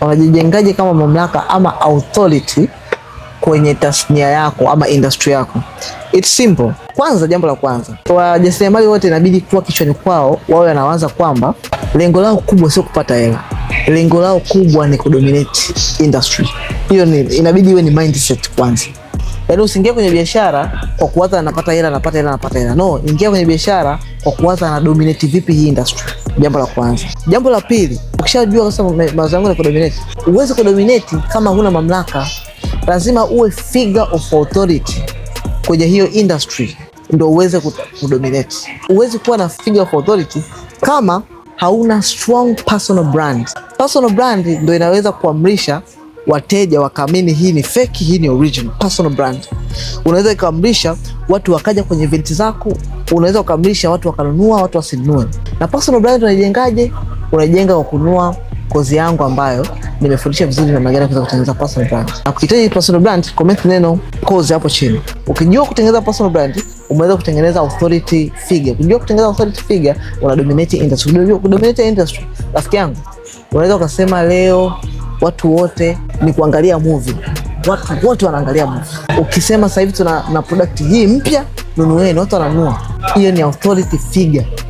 wanajijengaje kama mamlaka ama authority kwenye tasnia yako ama industry yako. It's simple. Kwanza, jambo la kwanza, wajasiriamali wote inabidi kuwa kichwani kwao wawe wanawaza kwamba lengo lao kubwa sio kupata hela, lengo lao kubwa ni kudominate industry. Hiyo ni inabidi iwe ni mindset kwanza. Yaani usiingie kwenye biashara kwa kuwaza anapata hela, anapata hela, anapata hela. No, ingia kwenye biashara kwa kuwaza ana dominate vipi hii industry. Jambo la kwanza. Jambo la pili ukishajua sasa mawazo yangu ni kudominate, uweze kudominate kama huna mamlaka. Lazima uwe figure of authority kwenye hiyo industry ndo uweze kudominate. Uwezi kuwa na figure of authority kama hauna strong personal brand. Personal brand ndo inaweza kuamrisha wateja wakaamini hii ni fake, hii ni original. Personal brand unaweza ikaamrisha watu wakaja kwenye eventi zako, unaweza ukaamrisha watu wakanunua, watu wasinunue. Na personal brand unaijengaje? unajenga kwa kunua kozi yangu ambayo nimefundisha vizuri namna gani kuweza kutengeneza personal brand. Na ukihitaji personal brand, comment neno kozi hapo chini. Ukijua kutengeneza personal brand, umeweza kutengeneza authority figure. Ukijua kutengeneza authority figure, una dominate industry. Unajua kudominate industry, rafiki yangu, unaweza ukasema leo watu wote ni kuangalia movie, watu wote wanaangalia movie. Ukisema sasa hivi tuna na product hii mpya, nunueni, watu wananua. Hiyo ni authority figure.